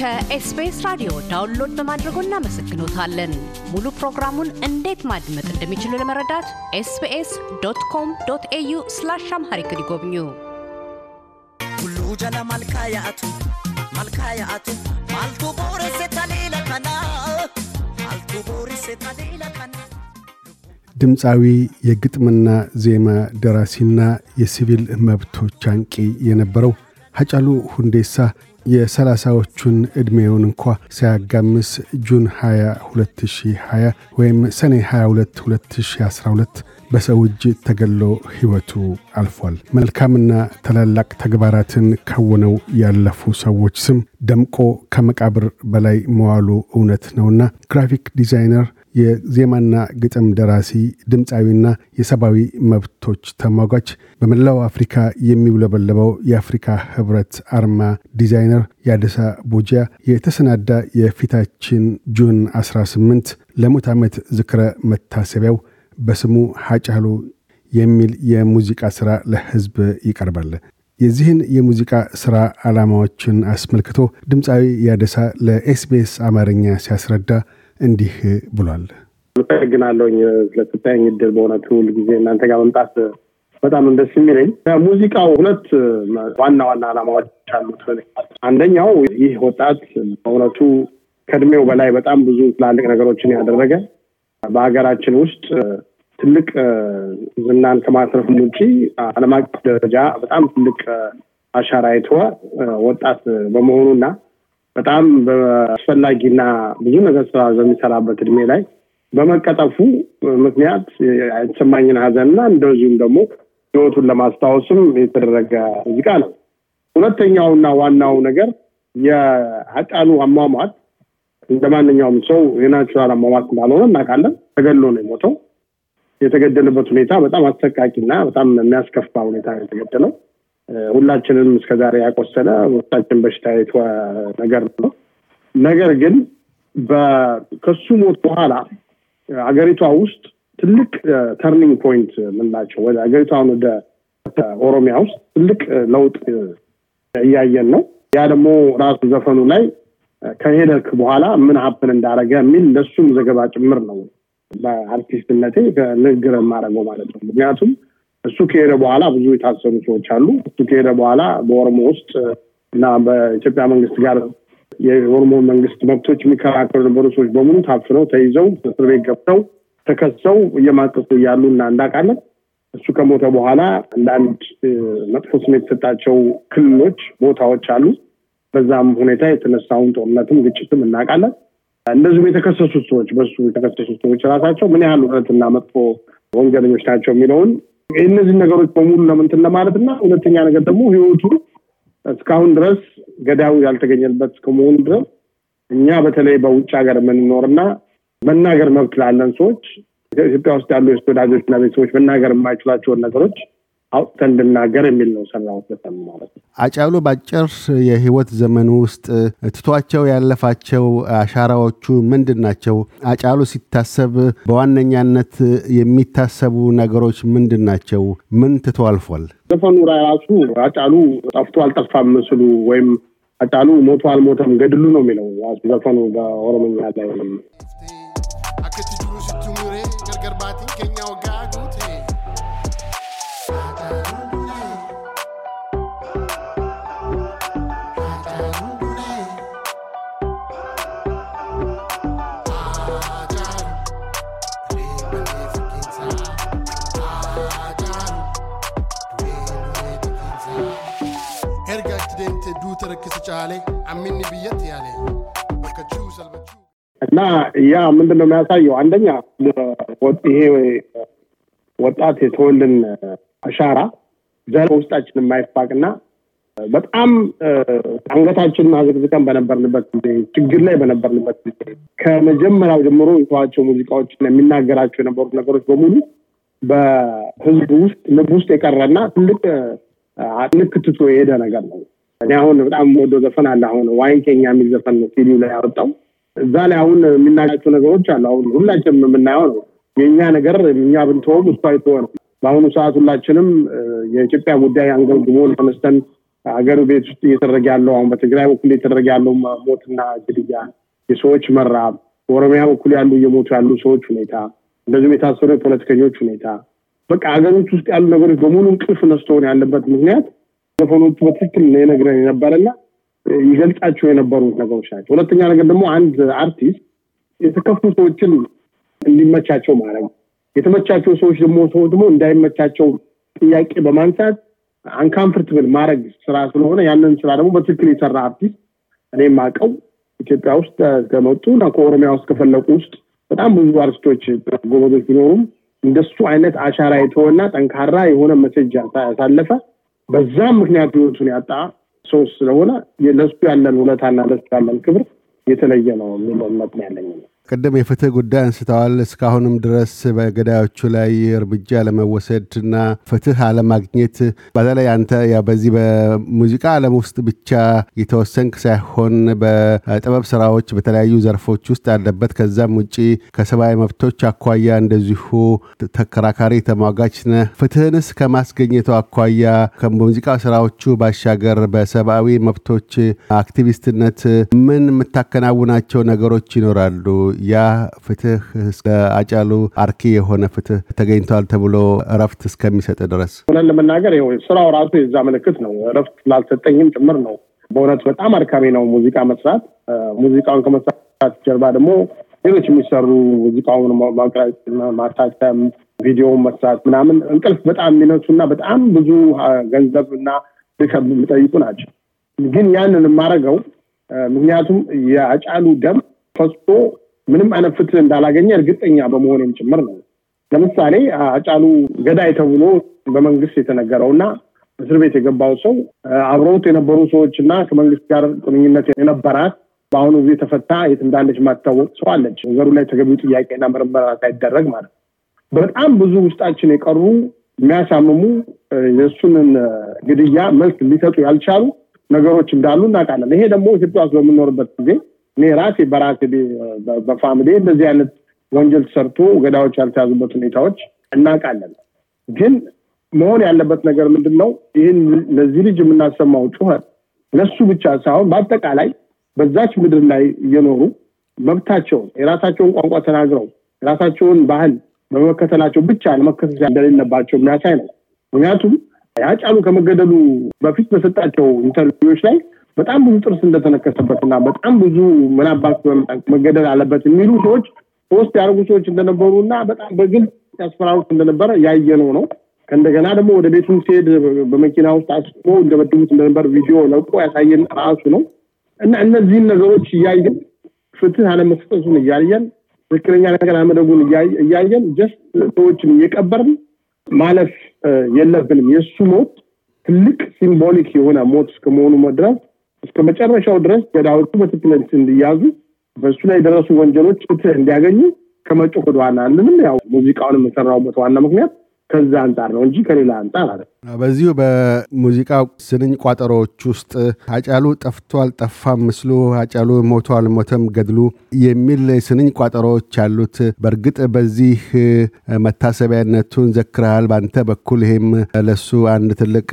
ከኤስቢኤስ ራዲዮ ዳውንሎድ በማድረጎ እናመሰግኖታለን። ሙሉ ፕሮግራሙን እንዴት ማድመጥ እንደሚችሉ ለመረዳት ኤስቢኤስ ዶት ኮም ዶት ኤዩ ስላሽ አምሃሪክ ይጎብኙ። ሁሉ ማልካያቱ ማልካያቱ ማልቱ ሌላ ከና ማልቱ ሌላ ከና ድምፃዊ የግጥምና ዜማ ደራሲና የሲቪል መብቶች አንቂ የነበረው ሀጫሉ ሁንዴሳ የሰላሳዎቹን ዕድሜውን እንኳ ሲያጋምስ ጁን 20 2020 ወይም ሰኔ 22 2012 በሰው እጅ ተገሎ ሕይወቱ አልፏል። መልካምና ታላላቅ ተግባራትን ከውነው ያለፉ ሰዎች ስም ደምቆ ከመቃብር በላይ መዋሉ እውነት ነውና ግራፊክ ዲዛይነር የዜማና ግጥም ደራሲ ድምፃዊና የሰብአዊ መብቶች ተሟጓች። በመላው አፍሪካ የሚውለበለበው የአፍሪካ ህብረት አርማ ዲዛይነር የአደሳ ቦጂያ የተሰናዳ የፊታችን ጁን 18 ለሙት ዓመት ዝክረ መታሰቢያው በስሙ ሐጫሉ የሚል የሙዚቃ ሥራ ለሕዝብ ይቀርባል። የዚህን የሙዚቃ ሥራ ዓላማዎችን አስመልክቶ ድምፃዊ ያደሳ ለኤስቢኤስ አማርኛ ሲያስረዳ እንዲህ ብሏል። አመሰግናለሁኝ ስለተታየኝ እድል። በእውነቱ ጊዜ እናንተ ጋር መምጣት በጣም ደስ የሚለኝ ሙዚቃው ሁለት ዋና ዋና አላማዎች አሉት። አንደኛው ይህ ወጣት በእውነቱ ከእድሜው በላይ በጣም ብዙ ትላልቅ ነገሮችን ያደረገ በሀገራችን ውስጥ ትልቅ ዝናን ከማትረፍም ውጭ ዓለም አቀፍ ደረጃ በጣም ትልቅ አሻራ የተወ ወጣት በመሆኑና በጣም አስፈላጊና ብዙ ነገር ስራ በሚሰራበት እድሜ ላይ በመቀጠፉ ምክንያት የተሰማኝን ሀዘንና እንደዚሁም ደግሞ ህይወቱን ለማስታወስም የተደረገ ሙዚቃ ነው። ሁለተኛውና ዋናው ነገር የአጫሉ አሟሟት እንደ ማንኛውም ሰው የናቹራል አሟሟት እንዳልሆነ እናውቃለን። ተገሎ ነው የሞተው። የተገደልበት ሁኔታ በጣም አሰቃቂና በጣም የሚያስከፋ ሁኔታ የተገደለው ሁላችንም እስከዛሬ ያቆሰለ ወታችን በሽታ የተወ ነገር ነው። ነገር ግን ከሱ ሞት በኋላ አገሪቷ ውስጥ ትልቅ ተርኒንግ ፖይንት ምንላቸው ወደ አገሪቷን ወደ ኦሮሚያ ውስጥ ትልቅ ለውጥ እያየን ነው። ያ ደግሞ ራሱ ዘፈኑ ላይ ከሄደክ በኋላ ምን ሀፕን እንዳደረገ የሚል ለሱም ዘገባ ጭምር ነው። በአርቲስትነቴ ንግግር የማደረገው ማለት ነው። ምክንያቱም እሱ ከሄደ በኋላ ብዙ የታሰሩ ሰዎች አሉ። እሱ ከሄደ በኋላ በኦሮሞ ውስጥ እና በኢትዮጵያ መንግስት ጋር የኦሮሞ መንግስት መብቶች የሚከራከሩ የነበሩ ሰዎች በሙሉ ታፍነው ተይዘው እስር ቤት ገብተው ተከሰው እየማቀሱ እያሉ እና እንዳውቃለን። እሱ ከሞተ በኋላ አንዳንድ መጥፎ ስም የተሰጣቸው ክልሎች፣ ቦታዎች አሉ። በዛም ሁኔታ የተነሳውን ጦርነትም ግጭትም እናውቃለን። እንደዚሁም የተከሰሱት ሰዎች በሱ የተከሰሱት ሰዎች ራሳቸው ምን ያህል እውነትና መጥፎ ወንጀለኞች ናቸው የሚለውን እነዚህ ነገሮች በሙሉ ለምንትን ለማለት እና ሁለተኛ ነገር ደግሞ ህይወቱ እስካሁን ድረስ ገዳው ያልተገኘበት ከመሆኑ ድረስ እኛ በተለይ በውጭ ሀገር የምንኖርና መናገር መብት ላለን ሰዎች ኢትዮጵያ ውስጥ ያሉ እና ቤተሰቦች መናገር የማይችላቸውን ነገሮች አውጥተ እንድናገር የሚል ነው ሰራሁት ለሰሙ ማለት ነው። አጫሉ በአጭር የህይወት ዘመኑ ውስጥ ትቷቸው ያለፋቸው አሻራዎቹ ምንድን ናቸው? አጫሉ ሲታሰብ በዋነኛነት የሚታሰቡ ነገሮች ምንድን ናቸው? ምን ትቶ አልፏል? ዘፈኑ ራሱ አጫሉ ጠፍቶ አልጠፋም ምስሉ ወይም አጫሉ ሞቶ አልሞተም ገድሉ ነው የሚለው ዘፈኑ በኦሮምኛ ላይ ወይም hedduu tarkisi caalee amminni biyyatti yaale እና ያ ምንድን ነው የሚያሳየው? አንደኛ ይሄ ወጣት የተወልን አሻራ ዘር ውስጣችን የማይፋቅና በጣም አንገታችንን ማዘግዝቀን በነበርንበት ጊዜ ችግር ላይ በነበርንበት ጊዜ ከመጀመሪያው ጀምሮ የተዋቸው ሙዚቃዎች የሚናገራቸው የነበሩ ነገሮች በሙሉ በህዝብ ውስጥ ልብ ውስጥ የቀረና ትልቅ ንክትቶ የሄደ ነገር ነው። እኔ አሁን በጣም ወዶ ዘፈን አለ አሁን ኬኛ የሚል ዘፈን ነው ሲዲ ላይ ያወጣው እዛ ላይ አሁን የሚናቸው ነገሮች አሉ አሁን ሁላችንም የምናየው ነው የእኛ ነገር እኛ ብንተወም እሱ ነው በአሁኑ ሰዓት ሁላችንም የኢትዮጵያ ጉዳይ አንገብግቦን ተነስተን ሀገር ቤት ውስጥ እየተደረገ ያለው አሁን በትግራይ በኩል እየተደረገ ያለው ሞትና ግድያ፣ የሰዎች መራብ፣ በኦሮሚያ በኩል ያሉ እየሞቱ ያሉ ሰዎች ሁኔታ፣ እንደዚሁም የታሰሩ የፖለቲከኞች ሁኔታ፣ በቃ ሀገሮች ውስጥ ያሉ ነገሮች በሙሉ እንቅልፍ ነስተሆን ያለበት ምክንያት ዘፈኖቹ በትክክል የነግረን የነበረና ይገልጻቸው የነበሩት ነገሮች ናቸው። ሁለተኛ ነገር ደግሞ አንድ አርቲስት የተከፉ ሰዎችን እንዲመቻቸው ማድረግ የተመቻቸው ሰዎች ደግሞ ሰው ደግሞ እንዳይመቻቸው ጥያቄ በማንሳት አንካምፍርትብል ማድረግ ስራ ስለሆነ ያንን ስራ ደግሞ በትክክል የሰራ አርቲስት እኔ አቀው ኢትዮጵያ ውስጥ ከመጡ እና ከኦሮሚያ ውስጥ ከፈለቁ ውስጥ በጣም ብዙ አርቲስቶች ጎበዞች ቢኖሩም እንደሱ አይነት አሻራ የተወና ጠንካራ የሆነ መሰጃ ያሳለፈ በዛም ምክንያት ህይወቱን ያጣ ሰው ስለሆነ ለሱ ያለን ውለታና ለሱ ያለን ክብር የተለየ ነው የሚለው እምነት ያለኝ ነው። ቅድም የፍትህ ጉዳይ አንስተዋል። እስካሁንም ድረስ በገዳዮቹ ላይ እርምጃ ለመወሰድና ፍትህ አለማግኘት በተለይ አንተ በዚህ በሙዚቃ ዓለም ውስጥ ብቻ የተወሰንክ ሳይሆን በጥበብ ስራዎች በተለያዩ ዘርፎች ውስጥ ያለበት ከዛም ውጭ ከሰብአዊ መብቶች አኳያ እንደዚሁ ተከራካሪ ተሟጋች ነ ፍትህንስ ከማስገኘቱ አኳያ ከሙዚቃ ስራዎቹ ባሻገር በሰብአዊ መብቶች አክቲቪስትነት ምን የምታከናውናቸው ነገሮች ይኖራሉ? ያ ፍትህ አጫሉ አርኪ የሆነ ፍትህ ተገኝቷል ተብሎ እረፍት እስከሚሰጥ ድረስ ሆነን ለመናገር ስራው ራሱ የዛ ምልክት ነው። እረፍት ላልሰጠኝም ጭምር ነው። በእውነት በጣም አድካሚ ነው ሙዚቃ መስራት። ሙዚቃውን ከመስራት ጀርባ ደግሞ ሌሎች የሚሰሩ ሙዚቃውን ማቅረጽ፣ ማታተም፣ ቪዲዮውን መስራት ምናምን እንቅልፍ በጣም የሚነሱ እና በጣም ብዙ ገንዘብ እና ድከም የሚጠይቁ ናቸው። ግን ያንን የማደርገው ምክንያቱም የአጫሉ ደም ፈስቶ ምንም አይነት ፍትህ እንዳላገኘ እርግጠኛ በመሆኔም ጭምር ነው። ለምሳሌ አጫሉ ገዳይ ተብሎ በመንግስት የተነገረው እና እስር ቤት የገባው ሰው አብረውት የነበሩ ሰዎች እና ከመንግስት ጋር ቁርኝነት የነበራት በአሁኑ ጊዜ ተፈታ የት እንዳለች ማታወቅ ሰው አለች። ወገሩ ላይ ተገቢው ጥያቄና ምርመራ ሳይደረግ ማለት በጣም ብዙ ውስጣችን የቀሩ የሚያሳምሙ የእሱንን ግድያ መልስ ሊሰጡ ያልቻሉ ነገሮች እንዳሉ እናውቃለን። ይሄ ደግሞ ኢትዮጵያ ውስጥ በምኖርበት ጊዜ እኔ ራሴ በራሴ በፋሚሌ እንደዚህ አይነት ወንጀል ተሰርቶ ገዳዎች ያልተያዙበት ሁኔታዎች እናውቃለን። ግን መሆን ያለበት ነገር ምንድን ነው? ይህን ለዚህ ልጅ የምናሰማው ጩኸት ለሱ ብቻ ሳይሆን በአጠቃላይ በዛች ምድር ላይ እየኖሩ መብታቸውን የራሳቸውን ቋንቋ ተናግረው የራሳቸውን ባህል በመከተላቸው ብቻ ለመከተል እንደሌለባቸው የሚያሳይ ነው። ምክንያቱም ያጫሉ ከመገደሉ በፊት በሰጣቸው ኢንተርቪዎች ላይ በጣም ብዙ ጥርስ እንደተነከሰበትና በጣም ብዙ ምናባት መገደል አለበት የሚሉ ሰዎች ፖስት ያደርጉ ሰዎች እንደነበሩ እና በጣም በግልጽ ያስፈራሩት እንደነበረ ያየነው ነው። ከእንደገና ደግሞ ወደ ቤቱን ሲሄድ በመኪና ውስጥ አስቆ እንደበድቡት እንደነበር ቪዲዮ ለቆ ያሳየን ራሱ ነው እና እነዚህን ነገሮች እያየን ፍትህ አለመስጠቱን እያየን ትክክለኛ ነገር አመደጉን እያየን ጀስት ሰዎችን እየቀበርን ማለፍ የለብንም። የእሱ ሞት ትልቅ ሲምቦሊክ የሆነ ሞት እስከመሆኑ መድረስ እስከ መጨረሻው ድረስ ገዳዎቹ በትክክለንስ እንዲያዙ በእሱ ላይ የደረሱ ወንጀሎች ፍትህ እንዲያገኙ ከመጮህ ወደ ዋና ያው ሙዚቃውን የምሰራውበት ዋና ምክንያት ከዛ አንጻር ነው እንጂ ከሌላ አንጻር አለ በዚሁ በሙዚቃ ስንኝ ቋጠሮዎች ውስጥ አጫሉ ጠፍቷል አልጠፋም ምስሉ፣ አጫሉ ሞቶ አልሞተም ገድሉ የሚል ስንኝ ቋጠሮዎች አሉት። በእርግጥ በዚህ መታሰቢያነቱን ዘክረሃል በአንተ በኩል ይሄም ለሱ አንድ ትልቅ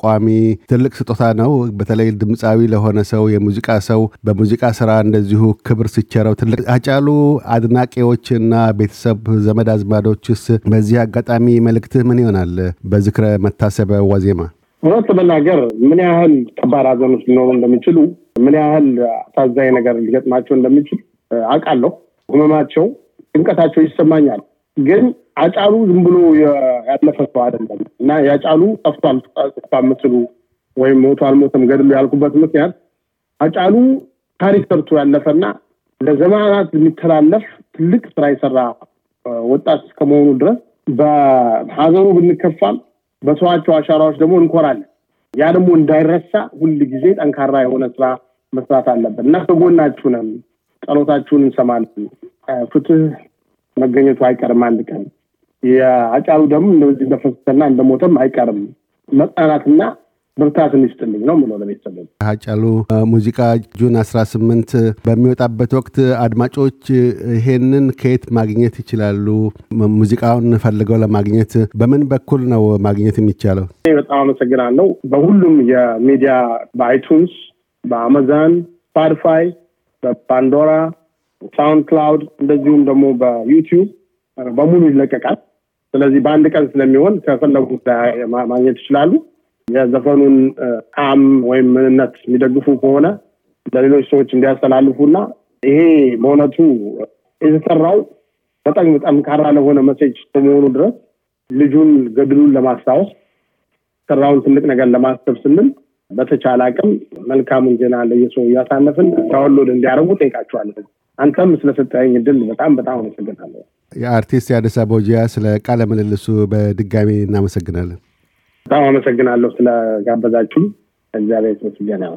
ቋሚ ትልቅ ስጦታ ነው። በተለይ ድምፃዊ ለሆነ ሰው የሙዚቃ ሰው በሙዚቃ ስራ እንደዚሁ ክብር ሲቸረው ትልቅ አጫሉ አድናቂዎች እና ቤተሰብ ዘመድ አዝማዶችስ በዚህ አጋጣሚ መልእክትህ ምን ይሆናል በዝክረ መታሰ በተሰበሰበ ዋዜማ እውነት ለመናገር ምን ያህል ከባድ ሀዘኖች ሊኖሩ እንደሚችሉ፣ ምን ያህል አሳዛኝ ነገር ሊገጥማቸው እንደሚችል አውቃለሁ። ህመማቸው፣ ጭንቀታቸው ይሰማኛል። ግን አጫሉ ዝም ብሎ ያለፈ ሰው አደለም እና የአጫሉ ጠፍቷል ጠፍቷ ወይም ሞቱ አልሞተም ገድሉ ያልኩበት ምክንያት አጫሉ ታሪክ ሰርቶ ያለፈና ለዘመናት የሚተላለፍ ትልቅ ስራ የሰራ ወጣት እስከመሆኑ ድረስ በሀዘኑ ብንከፋል በሰዋቸው አሻራዎች ደግሞ እንኮራለን። ያ ደግሞ እንዳይረሳ ሁል ጊዜ ጠንካራ የሆነ ስራ መስራት አለብን እና ከጎናችሁ ነን፣ ጸሎታችሁን እንሰማለን። ፍትህ መገኘቱ አይቀርም አንድ ቀን። የአጫሩ ደግሞ እንደዚህ እንደፈሰሰና እንደሞተም አይቀርም። መጽናናትና ብርታትን ይስጥልኝ ነው ምሎ ለቤተሰብ ሀጫሉ ሙዚቃ ጁን ስምንት በሚወጣበት ወቅት አድማጮች ይሄንን ከየት ማግኘት ይችላሉ? ሙዚቃውን ፈልገው ለማግኘት በምን በኩል ነው ማግኘት የሚቻለው? በጣም አመሰግናለሁ። በሁሉም የሚዲያ በአይቱንስ፣ በአማዛን ስፖቲፋይ፣ በፓንዶራ፣ ሳውንድ ክላውድ እንደዚሁም ደግሞ በዩቲዩብ በሙሉ ይለቀቃል። ስለዚህ በአንድ ቀን ስለሚሆን ከፈለጉ ማግኘት ይችላሉ። የዘፈኑን ጣዕም ወይም ምንነት የሚደግፉ ከሆነ ለሌሎች ሰዎች እንዲያስተላልፉና ይሄ በእውነቱ የተሰራው በጣም ካራ ለሆነ መሴጅ በመሆኑ ድረስ ልጁን ገድሉን ለማስታወስ ሰራውን ትልቅ ነገር ለማሰብ ስንል በተቻለ አቅም መልካሙን ዜና ለየሰው እያሳነፍን ዳውንሎድ እንዲያደርጉ ጠይቃቸዋለን። አንተም ስለሰጠኝ እድል በጣም በጣም አመሰግናለሁ። የአርቲስት የአዲስ አበባ ስለ ቃለ ምልልሱ በድጋሚ እናመሰግናለን። በጣም አመሰግናለሁ ስለጋበዛችሁ። እግዚአብሔር ይመስገን።